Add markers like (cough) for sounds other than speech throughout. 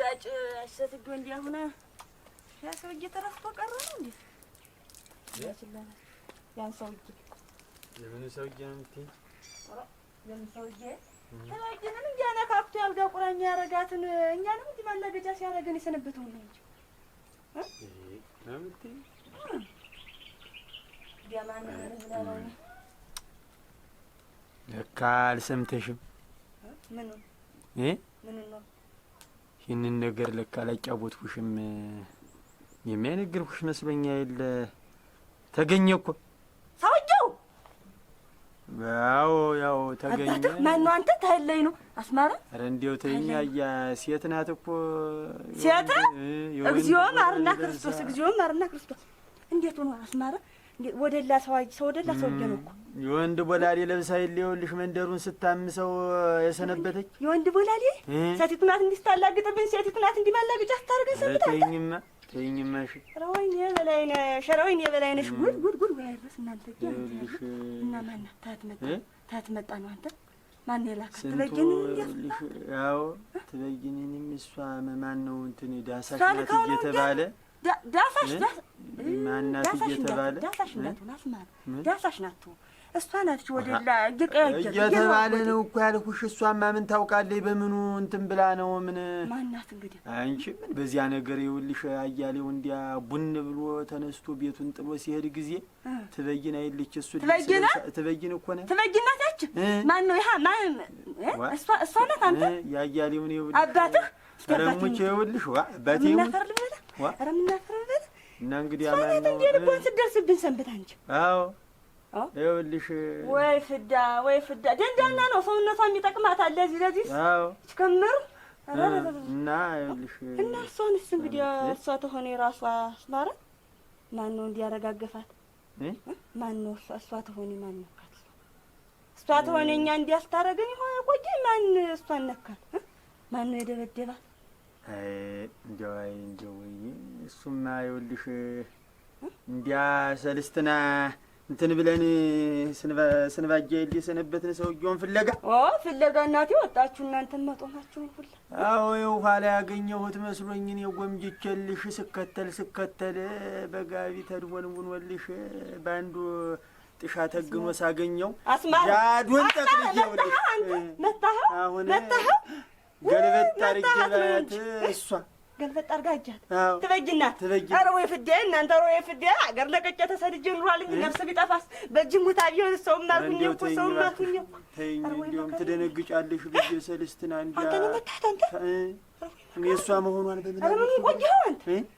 ልጋጭ አሰትጆ እንዲያሁነ ያ ሰውዬ ተረፍቶ ቀረ ነው እንዴ? ያን ሰውዬ የምን ሰውዬ ነው የምትይኝ? የምን ሰውዬ ተባይደንም እንዲያነካክቶ ያልጋ ቁራኛ ያረጋትን እኛንም እንዲህ ማላገጫ ሲያረገን የሰነበተው ነው እንጂ ለካ አልሰምተሽም። ምኑን ምኑን ነው ይህንን ነገር ለካ አላጫወትኩሽም። የሚያነገርኩሽ መስለኛ የለ ተገኘ እኮ ሰውየው። ያው ያው ተገኘ። ማነው አንተ? ተህለኝ ነው አስማራ። ኧረ እንዲያው ተኛ። እያ ሴት ናት እኮ ሴት። እግዚኦ ማርና ክርስቶስ፣ እግዚኦ ማርና ክርስቶስ። እንዴት ሆኖ አስማራ ወደላ ሰው ወደላ ሰው ነው የወንድ ቦላሌ ለብሳ ይኸውልሽ መንደሩን ስታምሰው የሰነበተች የወንድ ቦላሌ ሴቲት ናት እንዲስታላግጥብን ሴቲት ናት እንዲማላግጭ ስታደርገን ሰብታለች። ተይኝማ ተይኝማ። እሺ ረወይኔ በላይነሽ ረወይኔ በላይነሽ ጉድ ጉድ ጉድ ወይ አይደረስ እናንተ ይኸውልሽ። እና ማን ታት መጣ ታት መጣ ነው አንተ ማን የላካት ትበይኝ እንዴ? ያው ትበይኝንም እሷ ማን ነው እንትን ዳሳሽ ናት እየተባለ ዳሳሽ ዳሳሽ እየተባለ ዳሳሽ እንዳትሆን አስማን ዳሳሽ ናት እሷ ናት ወደ ላ እየተባለ ነው እኮ ያልኩሽ። እሷማ ምን ታውቃለች? በምኑ እንትን ብላ ነው ምን ማናት እንግዲህ አንቺ ምን በዚያ ነገር ይኸውልሽ፣ አያሌው እንዲያ ቡን ብሎ ተነስቶ ቤቱን ጥሎ ሲሄድ ጊዜ ትበይን አይልች እሱ ትበይን እኮ ነው ትበይን ናት። ማን ነው ይሀ ማን እሷ ናት። አንተ የአያሌውን ይኸውልሽ አባትህ ረሙቼ ይኸውልሽ ዋ አባቴ ኧረ የምናፈርበት እና እንግዲህ አማን ነው ልቧን ስትደርስብን ሰንብት። አንቺ አዎ ይኸውልሽ፣ ወይ ፍዳ ወይ ፍዳ ደንዳና ነው ሰውነቷ ለዚህ እና ይኸውልሽ እና እሷንስ እንግዲህ እሷ ተሆነ የራሷ አስማረ ማን ነው እንዲያረጋገፋት? ማን ነው እሷ ተሆነ ማን እሷ ተሆነ እኛ እንዲያስታረገን ማን እሷን ነካት? ማን ነው የደበደባት? እንዲያው አይ እንዲያው እሱማ ይኸውልሽ እንዲያ ሰልስትና እንትን ብለን ስንባጃ የለ ሰነበትን ሰውየውን ፍለጋ ፍለጋ እናቴ ወጣችሁ እናንተን መጦማችሁን ሁላ። አዎ ይኸው ያገኘሁት መስሎኝ እኔ ጎምጅቼልሽ ስከተል ስከተል በጋቢ ተድቦንቡንወልሽ በአንዱ ጥሻ ተግኖ ሳገኘው ጃዱን ጠቅልዬ ይኸውልሽ አሁን ገልበጥ አርግበት እሷ ገልበጥ አርጋ ትበጅናት ትበጅ። ኧረ ወይ ፍዴ እናንተ ኧረ ወይ ፍዴ አገር ለቀቄ ተሰድጄ ኑሯልኝ ነፍስ ቢጠፋስ በእጅ ሙታ ቢሆን ሰውም አልኩኝ እኮ ሰውም አልኩኝ እኮ። ተይኝ፣ እንዲያውም ትደነግጫለሽ ብዬሽ ሰልስትና እንዲያ አንተን መታህ አንተ የእሷ መሆኗን በምን ምኑ ቆየዋል?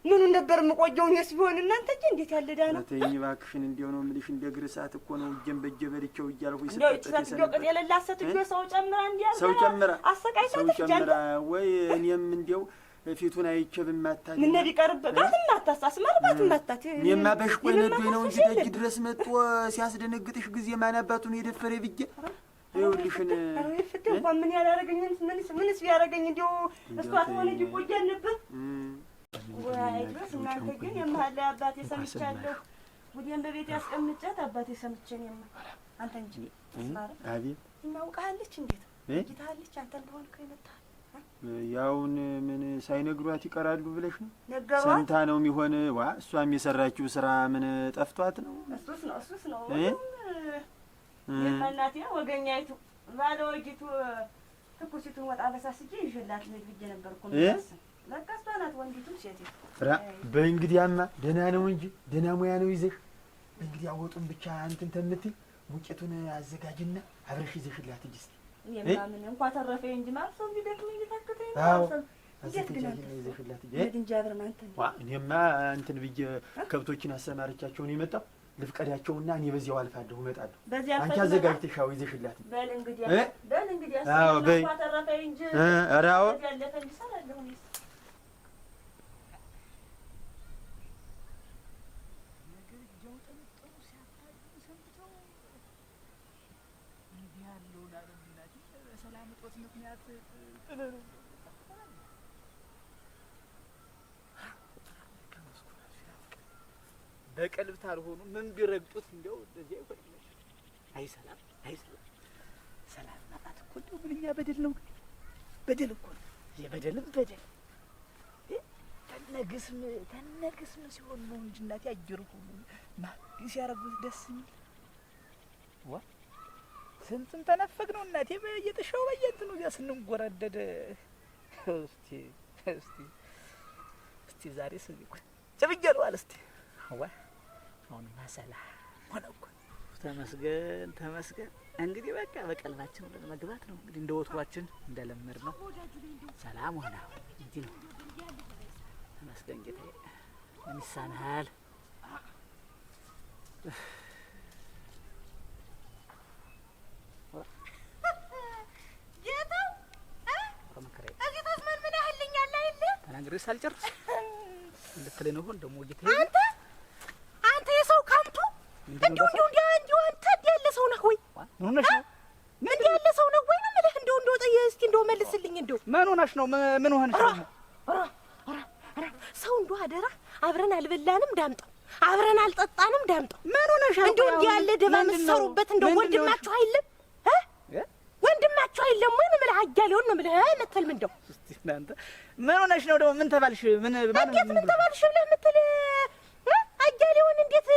ምኑ ነበር የምቆየው? እኔስ ቢሆን እናንተ እጄ እንዴት ያለ ዳና ተይኝ እባክሽን፣ እንዲሆ ነው የምልሽ። እንደ እግር ሰዓት እኮ ነው እጄን በእጄ በልቼው እያልኩኝ ቅጥ የሌላ ሴትዮ ሰው ጨምራ እንዲያ ሰው ጨምራ አሰቃይታትሽ ጨምራ ወይ እኔም እንዲያው ፊቱን አይቼ ብማታት ምን ቢቀርብባት ማታሳስ አስማርባት ማታት እኔማ በሽቆ ነዶኝ ነው እንጂ ደጅ ድረስ መጥቶ ሲያስደነግጥሽ ጊዜ ማናባቱን የደፈረ ብዬ ይኸውልሽን ፍትህ እንኳን ምን ያላረገኝን ምንስ ምንስ ቢያረገኝ እንዲሁ እሷ ተሆነ ዲቆያ አለበት ወይ ድረስ እናንተ ግን የመሀል አባቴ ሰምቻለሁ። ጉዴን በቤት ያስቀምጫት አባቴ ሰምቼን የማ አንተ እንጂ አቤት እናውቃለች። እንዴት ጌታለች አንተ እንደሆን እኮ የመጣህ ያውን ምን ሳይነግሯት ይቀራሉ ብለሽ ነው? ሰምታ ነው የሚሆን። ዋ እሷም የሰራችው ስራ ምን ጠፍቷት ነው? እሱስ ነው እሱስ ነው እናቴ ወገኛይቱ ባለ ወጊቱ ትኩሲቱን ወጣ በሳስጌ ይዤላት ልሂድ ብዬሽ ነበር እኮ በቃ እሷ ናት ወንዲቱም ሴት በእንግዲያማ ደህና ነው እንጂ ደህና ሙያ ነው ይዘሽ እንግዲህ አወጡን ብቻ እንትን ተምትይ ሙቄቱን አዘጋጅና አብረሽ ይዘሽላት ሂጂ እስኪ የማምን እንኳ ተረፈኝ እንጂ ማለት ሰው ቢደክመኝ ቢታክተኝ ይዘሽላት ሂጂ እንጂ አብረን አንተን እኔማ እንትን ብዬሽ ከብቶችን አሰማርቻቸውን የመጣው ልፍቀዳቸውና እኔ በዚያው አልፋለሁ እመጣለሁ። አንቺ አዘጋጅተሽ ይዘሽላት በል እንግዲህ ምክንያት በቀልብ ታልሆኑ ምን ቢረግጡት እንዲያው እንደዚህ አይሆንም። አይ ሰላም፣ አይ ሰላም፣ ሰላም ማጣት እኮ እንዲያው ምንኛ በደል ነው። በደል እኮ ነው፣ የበደልም በደል ተነግስም ተነግስም ሲሆን ነው እንጂ እናቴ አየሩ ሁሉ ማግስ ሲያረጉት ደስ የሚል ዋ ስንቱን ተነፈግ ነው እናቴ በየጥሻው በየእንትኑ እዚያ ስንንጎራደድ እስቲ እስቲ እስቲ ዛሬ ስንቁ ጭብጀለዋል እስቲ ዋ አሁንማ መሰላ ሆነ ተመስገን ተመስገን። እንግዲህ በቃ በቀልባችን ብለን መግባት ነው እንግዲህ እንደ ወትሯችን እንደለመድ ነው። ሰላም ሆነ እንጂ ነው። ተመስገን ጌታዬ። ምን ይሳናል? ተናግሬ ሳልጨርስ እንድትለኝ ነው ሆን ደግሞ ጌታዬ እንዲሁ እንዲሁ እንዲሁ እንዲሁ አንተ እንዲህ ያለ ሰው ነህ ወይ? እንዲህ ያለ ሰው ነህ ወይ ነው የምልህ። እንደው እንደው እስኪ እንደው መልስልኝ። እንደው ምን ሆነሽ ነው? ምን ሆነሽ ነው? ሰው እንደው አደራ አብረን አልበላንም ዳምጠው አብረን አልጠጣንም ዳምጠው። ምን ሆነሽ ነው? እንደው ያለ ደባ የምትሰሩበት እንደው ወንድማችሁ አይለም ወንድማችሁ አይለም ወይ ነው አያሌውን ነው የምልህ መተልም እንደው ምን ሆነሽ ነው ደግሞ? ምን ተባልሽ? ምን ማለት ምን ተባልሽ ብለህ የምትል አያሌውን እንዴት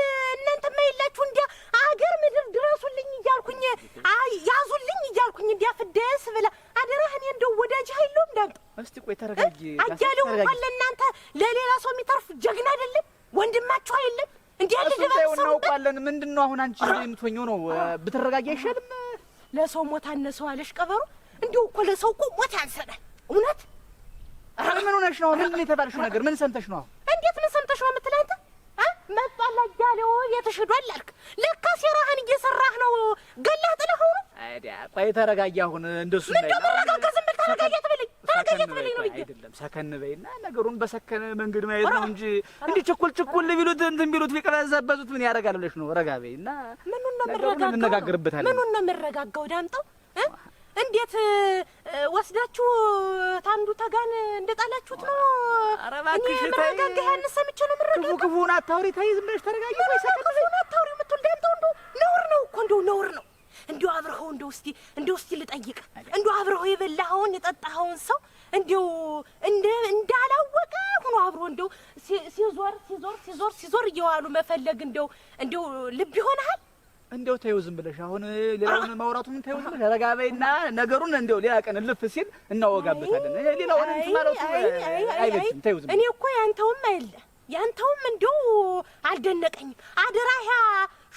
እናንተ የላችሁ እንዲ አገር ምድር ድረሱልኝ እያልኩኝ ያዙልኝ እያልኩኝ እንዲ ፍደስ ብላ አደራህን እንደው ወዳጅ አይለውም ዳምጥ። እስቲ ቆይ ተረጋጊ። አያሌው እንኳን ለእናንተ ለሌላ ሰው የሚተርፍ ጀግና አይደለም፣ ወንድማችሁ አይለም እንዲህ ያለ ድበት እናውቃለን። ምንድን ነው አሁን አንቺ የምትሆኚው ነው? ብትረጋጊ አይሻልም? ለሰው ሞት አነሰው አለሽ ቀበሮ። እንዲሁ እኮ ለሰው እኮ ሞት ያንሰናል። እውነት ምን ሆነሽ ነው? ምን የተባልሽው ነገር ምን ሰምተሽ ነው? እንዴት ምን ሰምተሽ ነው የምትለኝ አንተ መጣላ እያለው ቤትሽ ሄዷል አልክ። ለካ ሴራህን እየሰራህ ነው። ገላህ ጥለኸው ነው። ቆይ ተረጋጊ። አሁን እንደሱ ምን ደግሞ ረጋጋ። ዝም ብለህ ተረጋጊ አትበለኝ። ተረጋጊ አትበለኝ ነው አይደለም። ሰከን በይና ነገሩን በሰከነ መንገድ ማየት ነው እንጂ እንዲህ ችኩል ችኩል ቢሉት እንትን ቢሉት ቢቀበዛበዙት ምን ያደርጋል ብለሽ ነው። ረጋ በይና ምኑን ነው የምንረጋጋው? ምኑን ነው የምንረጋጋው? ዳምጠው እንዴት ወስዳችሁ ታንዱ ተጋን እንደጣላችሁት ነው? እኔ ምረጋጋ ያለ ሰምቼ ነው ምረጋጋ። ግቡን አታውሪ፣ ተይ፣ ዝም ብለሽ ተረጋጊ። ግቡን አታውሪ የምትል ዳምጠው እንደው ነውር ነው እኮ እንደው ነውር ነው እንደው አብረኸው እንደው እስቲ እንደው እስቲ ልጠይቅ እንደው አብረኸው የበላኸውን የጠጣኸውን ሰው እንደው እንዳላወቀ ሆኖ አብሮ እንደው ሲዞር ሲዞር ሲዞር ሲዞር እየዋሉ መፈለግ እንደው እንደው ልብ ይሆናል እንደው ተይው ዝም ብለሽ አሁን ሌላውን ማውራቱን ተይው ዝም ብለሽ ረጋ በይና ነገሩን እንደው ሌላ ቀን ልፍ ሲል እናወጋበታለን። ሌላውን እንትማራቱ አይበጅም። ተይው ዝም እኔ እኮ ያንተውም አይደለ ያንተውም እንደው አልደነቀኝም። አደራ ያ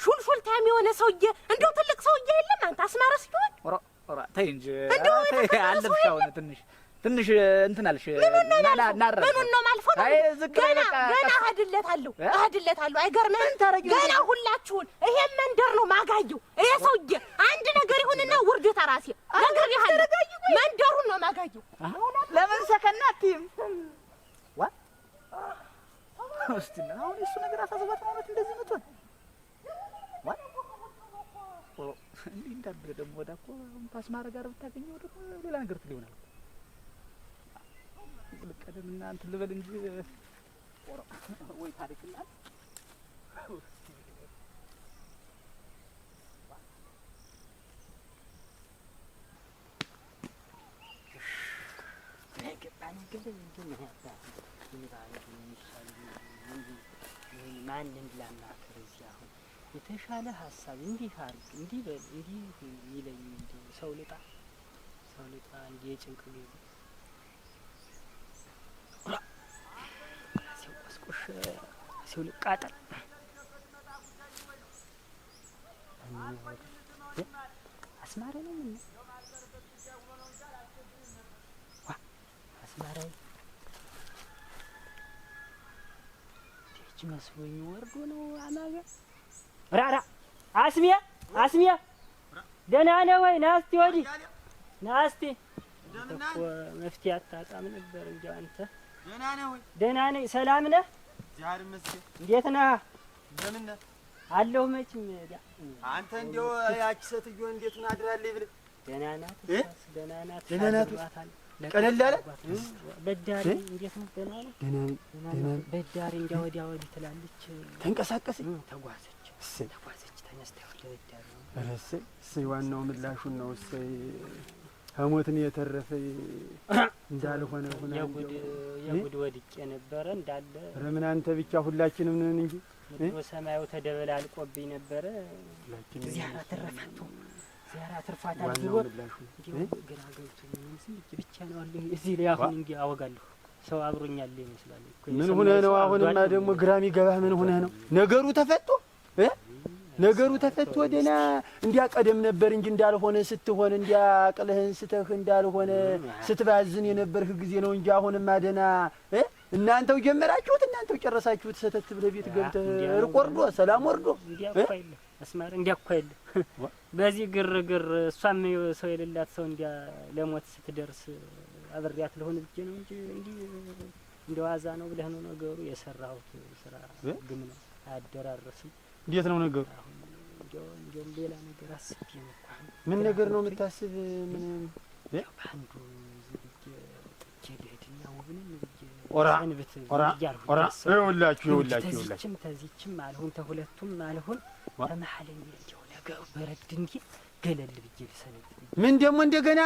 ሹልሹል ታሚ የሆነ ሰውዬ እንደው ትልቅ ሰውዬ የለም አንተ አስማረስ ይሆን ራ ራ ተይ እንጂ እንደው አለብሽ አሁን ትንሽ ትንሽ እንትን አልሽ። ምኑን ነው ማልፎ? ገና ገና እህድለታለሁ እህድለታለሁ። አይገርምህም? ገና ሁላችሁን ይሄን መንደር ነው ማጋየው። ይሄ ሰውዬ አንድ ነገር ይሁንና ውርደት እራሴ ነግሬሃለሁ። መንደሩን ነው ማጋየው። ለምን ሰከና አትይም? እስኪ አሁን የእሱ ነገር አሳስባት ማለት እንደዚህ ምትሆን እንዲህ እንዳለ ደግሞ ወዳ ፓስ ማድረግ አረ ብታገኘው ደግሞ ሌላ ነገር ትል ይሆናል። ልቀድም እና እንትን ልበል እንጂ ወይ ታሪክ እናት የተሻለ ሀሳብ እንዲህ አርግ እንዲህ በል እንዲህ ይለኝ ሰው ልጣ ሰው ልጣ እንዲህ የጭንቅ ጊዜ ሲያውቁሽ ሲውል ቃጠል አስማሪ ነው ምን አስማሪ እጅ መስሎኝ ወርዶ ነው አማገ ራራ አስሚያ አስሚያ ደህና ነህ ወይ? ናስቲ እስቲ ወዲህ ና እስቲ እኮ መፍትሄ አታጣም ነበር እንጂ አንተ ደህና ነህ ወይ? ደህና ነኝ። ሰላም ነህ? እንዴት ነህ? እንደምን ነህ? አለሁ መቼም። አንተ እንደው ያቺ ሴትዮ እንዴት ነው አድራለች ብለህ? ደህና ናት፣ ደህና ናት፣ ደህና ናት። ቀለል አለ በዳሪ እንዴት ነው? ደህና ነው፣ ደህና ነው። በዳሪ እንዲያ ወዲያ ወዲህ ትላለች፣ ተንቀሳቀሰች፣ ተጓዘች፣ ተጓዘች፣ ተነስታ ወደ በዳሪ እሰይ ዋናው ምላሹን ነው። እሰይ ከሞትን የተረፈ እንዳልሆነ ሆነ ሆነ የጉድ የጉድ ወድቄ ነበረ እንዳለ። ኧረ ምን አንተ ብቻ ሁላችንም ነን እንጂ ምድሮ ሰማዩ ተደበላልቆብኝ ነበረ። ዚያራ ተረፋቶ ዚያራ ትርፋታ ቢሆን ግራ ገብቶ ምንም ስልክ ብቻ ነው አለ። እዚህ ላይ አሁን እንጂ አወጋለሁ ሰው አብሮኛል ይመስላል። ምን ሁነህ ነው አሁንማ ደግሞ ግራም ይገባህ። ምን ሁነህ ነው ነገሩ ተፈቶ ነገሩ ተፈቶ ደህና እንዲያ ቀደም ነበር እንጂ እንዳልሆነ ስትሆን እንዲያ ቅልህን ስተህ እንዳልሆነ ስትባዝን የነበርህ ጊዜ ነው እንጂ አሁንማ ደህና እናንተው ጀመራችሁት፣ እናንተው ጨረሳችሁት። ሰተት ብለህ ቤት ገብተህ እርቅ ወርዶ ሰላም ወርዶ አስማር እንዲያ እኮ የለ (laughs) በዚህ ግርግር እሷም ሰው የሌላት ሰው እንዲያ ለሞት ስትደርስ አብሬያት ለሆነ ብዬ ነው እንጂ እንዲህ እንደ ዋዛ ነው ብለህ ነው ነገሩ። የሰራሁት ስራ ግም ነው አያደራረስም እንዴት ነው ነገሩ? ሌላ ነገር አስቤ ነው። ምን ነገር ነው የምታስብ? ምን አንዱ ምን ደግሞ እንደገና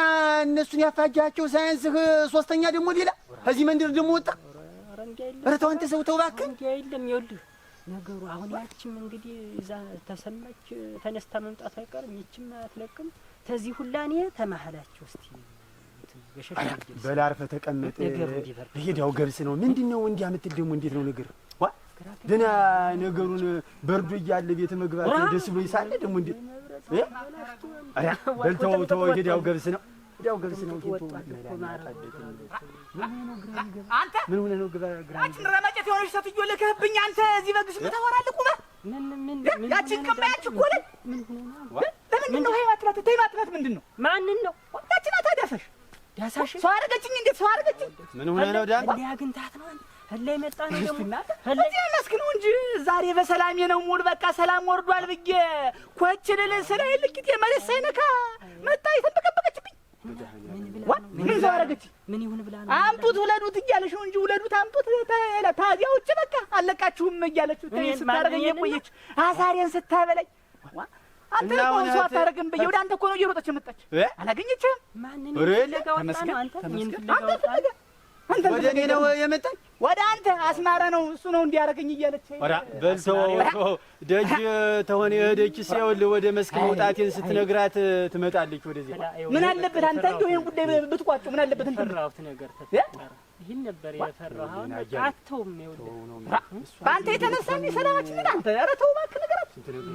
እነሱን ያፋጃቸው ሳያንስህ ሶስተኛ ደግሞ ሌላ ከዚህ መንደር ደግሞ ወጣ። ኧረ ተው አንተ ሰው ተው እባክህ። ነገሩ አሁን ያችም እንግዲህ እዛ ተሰማች ተነስታ መምጣት አይቀርም። ይችም አትለቅም። ተዚህ ሁላ እኔ ተማህላችሁ እስቲ በላርፈ አርፈህ ተቀመጥ። ሄዳው ገብስ ነው ምንድን ነው እንዲህ አምትል ደግሞ እንዴት ነው ነገር ደህና ነገሩን በርዶ እያለ ቤተ መግባት ደስ ብሎ ይሳለ ደግሞ እንዴ በልተው ተው ሄዳው ገብስ ነው ሄዳው ገብስ ነው አንተ ምን ሆነህ ነው ግራ ረመጨት የሆነች ሴትዮ ልክህብኝ አንተ እዚህ በግሽ ምን ታወራለህ? ቁመህ ምን ምን ምን ያቺን ለምንድን ነው ህይወት ናት ተይማት ምንድን ነው ማንን ነው ያቺን ናት። ዳሳሽ ዳሳሽ ሰው አደረገችኝ። እንዴት ሰው አደረገችኝ? ምን ሆነህ ነው ዳን ሊያግንታት ነው ህላይ መጣ ነው ደግሞ እዚህ መስክ እንጂ ዛሬ በሰላሜ ነው ሙሉ በቃ ሰላም ወርዷል ብዬ ኮችልልን ስለ ልክቴ መለስ ሳይነካ መጣ የተንበቀበቀችብኝ ምን አደረገች? ምን ይሁን ብላ ነው አምጡት ውለዱት እያለች ነው እንጂ ውለዱት አምጡት ታዚያ ውጭ በቃ አለቃችሁም እያለች ስታደርገኝ የቆየች አሳሬን ስታበላኝ አንተ እኮ እሷ አታደርግም ብዬ ወደ አንተ እኮ ነው እየሮጠች የመጣች አላገኘችህም። ማንን ፍለጋ ወጣ ነው? አንተ ፍለጋ አንተ ወደ እኔ ነው የመጣች ወደ አንተ አስማረ ነው እሱ ነው እንዲያደርገኝ እያለች ወራ በልተው ደጅ ተሆነ የደጅ ሲያውል ወደ መስክ መውጣቴን ስትነግራት ትመጣለች። ወደዚህ ምን አለበት አንተ እንደው ይሄን ጉዳይ ብትቋጭ ምን አለበት? እንት ፈራሁት ነገር ተፈራ ይሄን ነበር የፈራሁት። አሁን አትተውም ነው በአንተ የተነሳ ነው ሰላማችን ምን አንተ ኧረ ተው እባክህ ነገር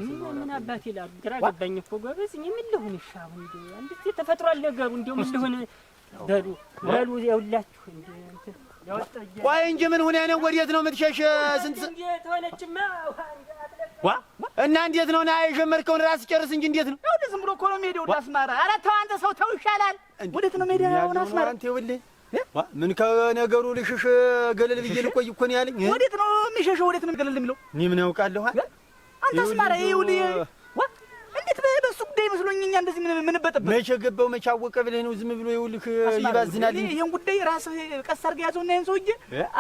ምን ምን አባት ይላል። ግራ ገባኝ እኮ ጎበዝ። ምን ልሁን ይሻው እንዴ አንዴ ተፈጥሯል ነገሩ እንደውም ምን ልሁን (laughs) በሉ በሉ ይኸውላችሁ እንዴ ቆይ እንጂ ምን ሁኔ ነው? ወዴት ነው የምትሸሽ? ስንት እና እንዴት ነው ና የጀመርከውን ራስ ጨርስ እንጂ እንዴት ነው? ያው ዝም ብሎ እኮ ነው የምሄደው አስማራ። ኧረ ተው አንተ ሰው ተው፣ ይሻላል። ወዴት ነው የምሄደው አስማራ? አንተ ይኸውልህ ምን ከነገሩ ልሽሽ ገለል ብዬ ልቆይ እኮ ነው ያለኝ። ወዴት ነው የሚሸሸው? ወዴት ነው ገለል የሚለው? እኔ ምን ያውቃለሁ አንተ አስማራ ይኸውልህ መስሎኝ እኛ እንደዚህ ምን ምን በጠበቅ መቼ ገባው መቼ አወቀ ብለህ ነው ዝም ብሎ ይውልክ ይባዝናል። ይሄን ጉዳይ ራስህ ቀስ አድርገህ ያዘው እና ይሄን ሰውዬ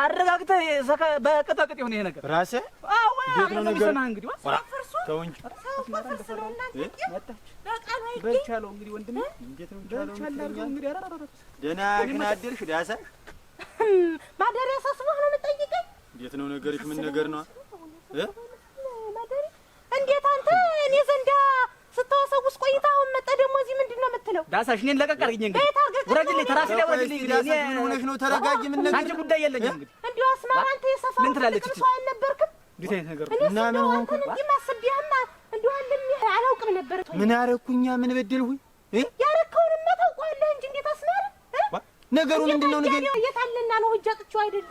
አረጋግተህ በቅጠቅጥ ይሁን ይሄ ነገር ራስህ። አዎ እንዴት ነው ነገር እንግዲህ ተው እንጂ እንግዲህ እንዴት ነው እንግዲህ ኧረ ደህና ግን አደርሽ ማደሪያ ሳስበህ ነው የምጠይቀኝ። እንዴት ነው ነገርሽ? ምን ነገር ነው እ ማደሪያ እንዴት አንተ እኔ ዘንዳ ስታወሰው ውስጥ ቆይታ አሁን መጣ። ደግሞ እዚህ ምንድን ነው የምትለው? ዳሳሽ እኔን ለቀቅ አድርጊኝ። እንግዲህ ውረጅልኝ፣ ተራስ ላይ ተረጋጊ። ምን አንቺ ጉዳይ የለኝም። እንግዲህ እንዲሁ አስማራ፣ አንተ የሰፋው ምን ትላለች? ሰው አልነበርክም። እንዴት አይነት ነገር እና ምን ሆንኩ? እንዲህ ማስቢያማ እንዲሁ አለም አላውቅም ነበር። ምን አረኩኛ? ምን በደልሁኝ? ያረከውንማ ታውቀዋለህ እንጂ እንዴት አስማራ፣ ነገሩ ምንድን ነው? ንገሪኝ። የት ነው እጅ አጥቼው አይደለ?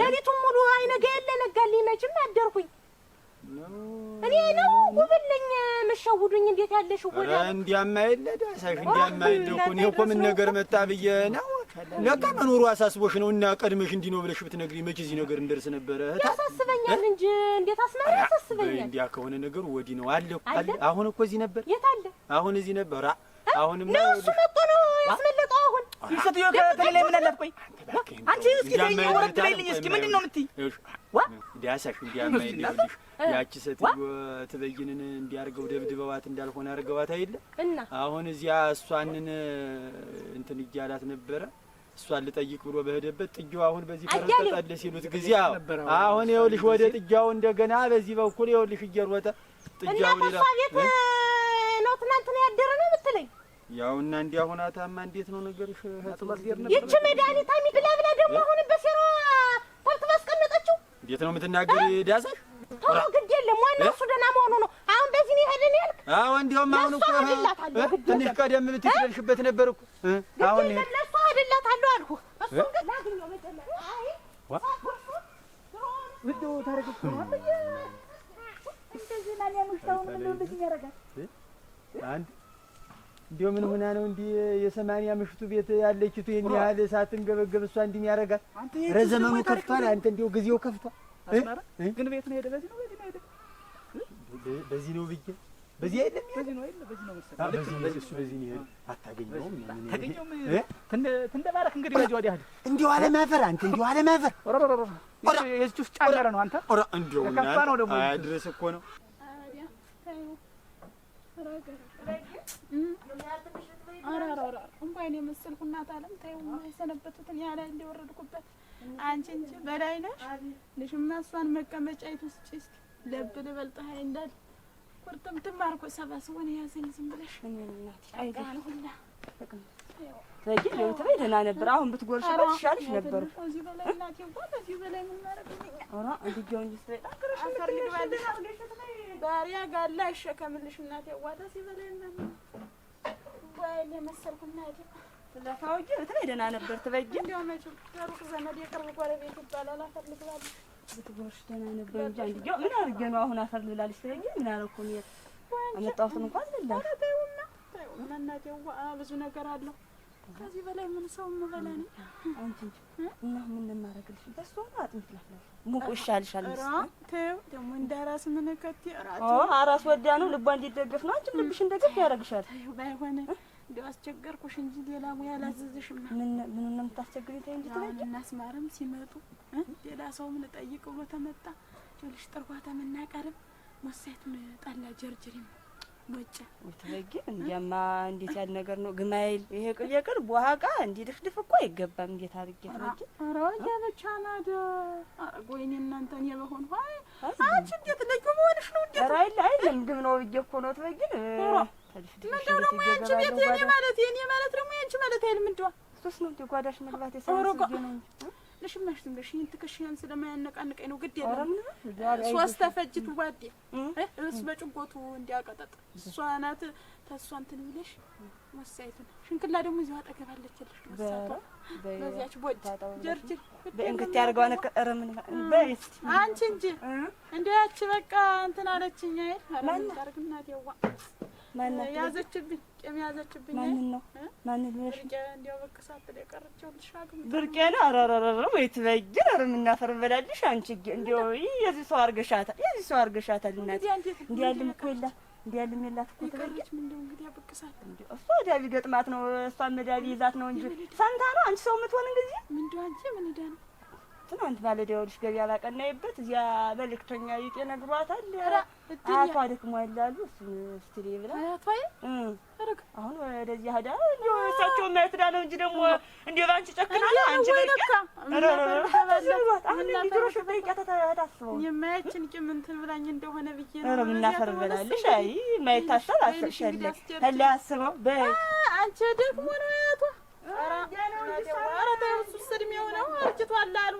ሌሊቱን ሙሉ አይነጋ የለ ነጋልኝ፣ መችም አደርኩኝ እኔ ነው ጉብል ነኝ መሻውዱኝ እንዴት ያለሽ ወደ እንዲያማ የለ ዳሳሽ እንዲያማ የለ እኮ እኔ እኮ ምን ነገር መጣ ብዬ ነው። ለካ መኖሩ አሳስቦሽ ነው እና ቀድመሽ እንዲህ ነው ብለሽ ብትነግሪ መቼ እዚህ ነገር እንደርስ ነበረ። ያሳስበኛል እንጂ እንዴት አስመራ ያሳስበኛል። እንዲያ ከሆነ ነገሩ ወዲህ ነው አለ። አሁን እኮ እዚህ ነበር። የት አለ? አሁን እዚህ ነበር። አሁንማ ነው እሱ መጥቶ ነው ያስመለከ ሴትዮ ከሌላ ምን አላት? ቆይ አንቺ እስኪ ተይኝ፣ ወረድ በይልኝ እስኪ። ምንድን ነው የምትይኝ? ዳሳሽ እንዲያማይልሽ ያቺ ሴትዮ ትበይንን እንዲያርገው ደብድበዋት እንዳልሆነ አርገዋት አይደለ? አሁን እዚያ እሷንን እንትን እያላት ነበረ እሷን ልጠይቅ ብሎ በሄደበት ጥጃው አሁን በዚህ ፈረስ ፈረጠጣለ ሲሉት ጊዜ አሁን ይኸውልሽ ወደ ጥጃው እንደገና በዚህ በኩል ይኸውልሽ እየሮጠ ጥጃው ሌላ ቤት ነው ትናንት ነው ያደረ ነው ያው እና እንዲያ ሆና ታማ እንዴት ነው ነገርሽ? አጥባት ይቺ መድኃኒት አሚ ብላ ብላ ደግሞ አሁን በሴሮ ተርትባ አስቀመጠችው። እንዴት ነው የምትናገር? ዳዛሽ ቶሎ ግድ የለም ዋናው እሱ ደህና መሆኑ ነው። አሁን በዚህ ነው ሄደን ያልክ? አዎ እንዲያውም አሁን እኮ ትንሽ ቀደም ብትሄድሽበት ነበር እኮ አሁን ነው ለሷ አይደላታለሁ አልኩ። እሱ ግን ላግኘው መጀመሪያ አይ ወደ ታረገች ነው እንደዚህ ማለት ነው። ታውን ምን እንደዚህ ያረጋል እንዲያው ምን ሆና ነው እንዲህ የሰማንያ ምሽቱ ቤት ያለችቱ ይህን ያህል ሰዓትን ገበገብ እሷ እንዲህ ያደርጋል? ኧረ ዘመኑ ከፍቷል። አንተ እንዲያው ጊዜው ከፍቷል። ግን ቤት ነው ሄደ። በዚህ ነው በዚህ ነው ሄደ። በዚህ ነው ብዬሽ በዚህ አይደለም በዚህ ነው አይደለም በዚህ ነው መሰለህ። እሱ በዚህ ነው ሄደ። አታገኘውም አታገኘውም። ትንደባረክ እንግዲህ በዚህ ወዲያ አይደል? እንዲያው አለማፈር አንተ እንዲያው አለማፈር። ኧረ ኧረ ኧረ ውስጥ ጫመረ ነው አንተ። ኧረ እንዲያው ከፋ ነው ደግሞ ድረስ እኮ ነው እንኳን የመሰልኩ እናት አለም ተይው፣ የማይሰነበቱትን ያለ እንደወረድኩበት አንቺ እንጂ በላይ ነሽ። ልሽማ እሷን መቀመጫ የት ውስጥ እስኪ ለብ ልበል ፀሐይ እንዳል ቁርጥምጥም አድርጎ ሰባስቦን የያዘኝ ዝም ብለሽ ሁላ ተይ ደህና ነበር። አሁን ብትጎርሽ ይሻልሽ ነበር። እዚህ ጋላ አይሸከምልሽ እናቴ ዋታ እዚህ በላይ ለፋውጅ በተለይ ደህና ነበር። ትበጅ እንደው መቼ ከሩቅ ዘመድ የቅርብ ጎረቤት ይባላል። አፈር ልብላለች ብትጎርሽ ደህና ነበር እንጂ አንድ ምን አድርጌ ነው አሁን አፈር ልብላለች ትበጅ ምን አደረኩኝ? አመጣሁትን እንኳን ልላት ተይውና ተይውና እናቴው ብዙ ነገር አለው። ከዚህ በላይ ምን ሰው የምበላ ነው? አንቺ እና ምን ልናደርግልሽ? በእሱ አጥሚት ላፍላሽ ሙቁ ይሻልሻል። ተይው ደግሞ እንደ ራስ ምን ከቴ አራስ ወዲያ ነው ልቧ እንዲደገፍ ነው። አንቺም ልብሽ እንደገፍ ያደርግሻል። ባይሆን እንዲያው አስቸገርኩሽ እንጂ ሌላ ሙያ አላዘዝሽም። ምን ምን ነው የምታስቸግሪኝ? ተይ እንጂ ትበይ። እናስማርም ሲመጡ ሌላ ሰው ምን ጠይቅ ብሎ ተመጣ ልሽ ጥርኳታ መናቀርም ወሳይቱን ጣላ ጀርጅሪም ወጭ ትበይ። እንዲያማ እንዴት ያለ ነገር ነው ግማይል ይሄ ቅል በኋቃ እንዲህ ድፍድፍ እኮ አይገባም። እንዴት አድርጌ ትበይ። ኧረ ወያ ናደ አርጎይን እናንተ እኔ በሆን አንቺ እንዴት ልዩ መሆንሽ ነው እንዴት? ኧረ አይደለም ግም ነው ብዬሽ እኮ ነው ትበይ ምንድው ደግሞ የአንቺ ቤት የኔ ማለት የኔ ማለት ደግሞ የአንቺ ማለት አይልም። ምንድዋ ሶስት ነው ጓዳሽ መግባት ልሽማሽ ዝም ብለሽ ይህን ትከሻዬን ስለማያነቃንቀኝ ነው። ግድ የለም ሶስት ተፈጅቱ ጓዴ እሱ በጭጎቱ እንዲያቀጠጥ እሷ ናት ተሷ እንትን ብለሽ ወሳይቱን ሽንክላ ደግሞ እዚሁ አጠገባለች የለሽ በዚያች ቦጭ ጀርጅር በእንግዲህ ያደርገዋ ነቀረ በይስ አንቺ እንጂ እንዲያች በቃ እንትን አለችኝ አይደል አረምን የዋ ያዘችብኝ ቄም ብርቄ ነው። ኧረ ወይ ትበይኝ። ኧረ የምናፈር እንበላልሽ አንቺ። እንዲያው የዚህ ሰው አድርገሻታል፣ የዚህ ሰው አድርገሻታል። እናቴ እንዲህ ያልም እኮ የላት እንዲህ ያልም የላት እኮ ትበይኝ። እሷ ዳቢ ገጥማት ነው እሷ መዳቢ ይዛት ነው እንጂ ሰምታ ነው አንቺ ሰው የምትሆን እንግዲህ ምንድን አንቺ ምን ሄዳ ነው ትናንት ባለዲያው ልጅ ገበያ እዚያ መልእክተኛ ይጤ ነግሯታል። አያቷ ደክሟል አሉ ስትሪ ብላ አሁን ወደዚያ ሄዳ እንደው እሳቸው ማየት ነው እንጂ ደግሞ እንደው ባንቺ ጨክናለ አንቺ ታስበው የማያችን ቂም እንትን ብላኝ እንደሆነ ብዬ ነው ምናፈር ብላለሽ። አይ የማይታሰብ አሰብሻለሽ። ያስበው በይ አንቺ ነው አያቷ እድሜው ነው አርጅቷል አሉ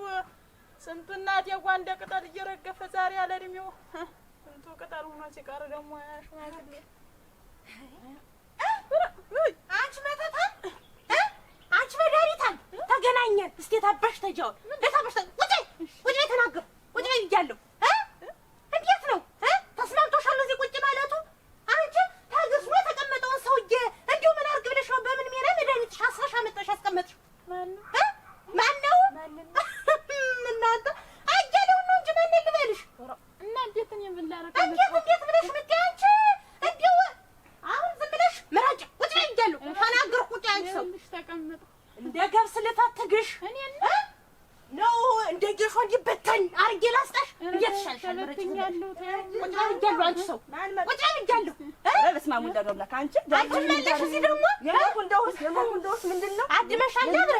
ስንቱ እናቴ ጓ እንደ ቅጠል እየረገፈ ዛሬ ያለ እድሜው ስንቱ ቅጠል ሆኖ ሲቀር ደግሞ ሽማግሌ አንቺ መተታል አንቺ መድኃኒታል ተገናኘን። እስቴ ታባሽ ተጃወል ታባሽ ውጭ ውጭ ተናገር ውጭ እያለሁ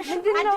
ነው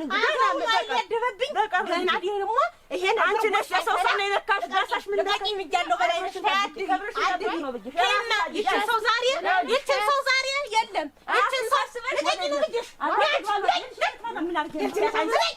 አሁን ምን ዳቂ ነው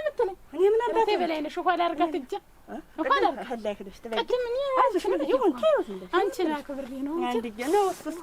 አድርጊ ነው የምትለኝ። እኔ ምን አባቴ በላይ ነሽ። ኋላ አድርጋት እጃ ኋላ አድርጋት ቅድም እኔ አንቺን አክብሬ ነው እንጂ ነው እሱ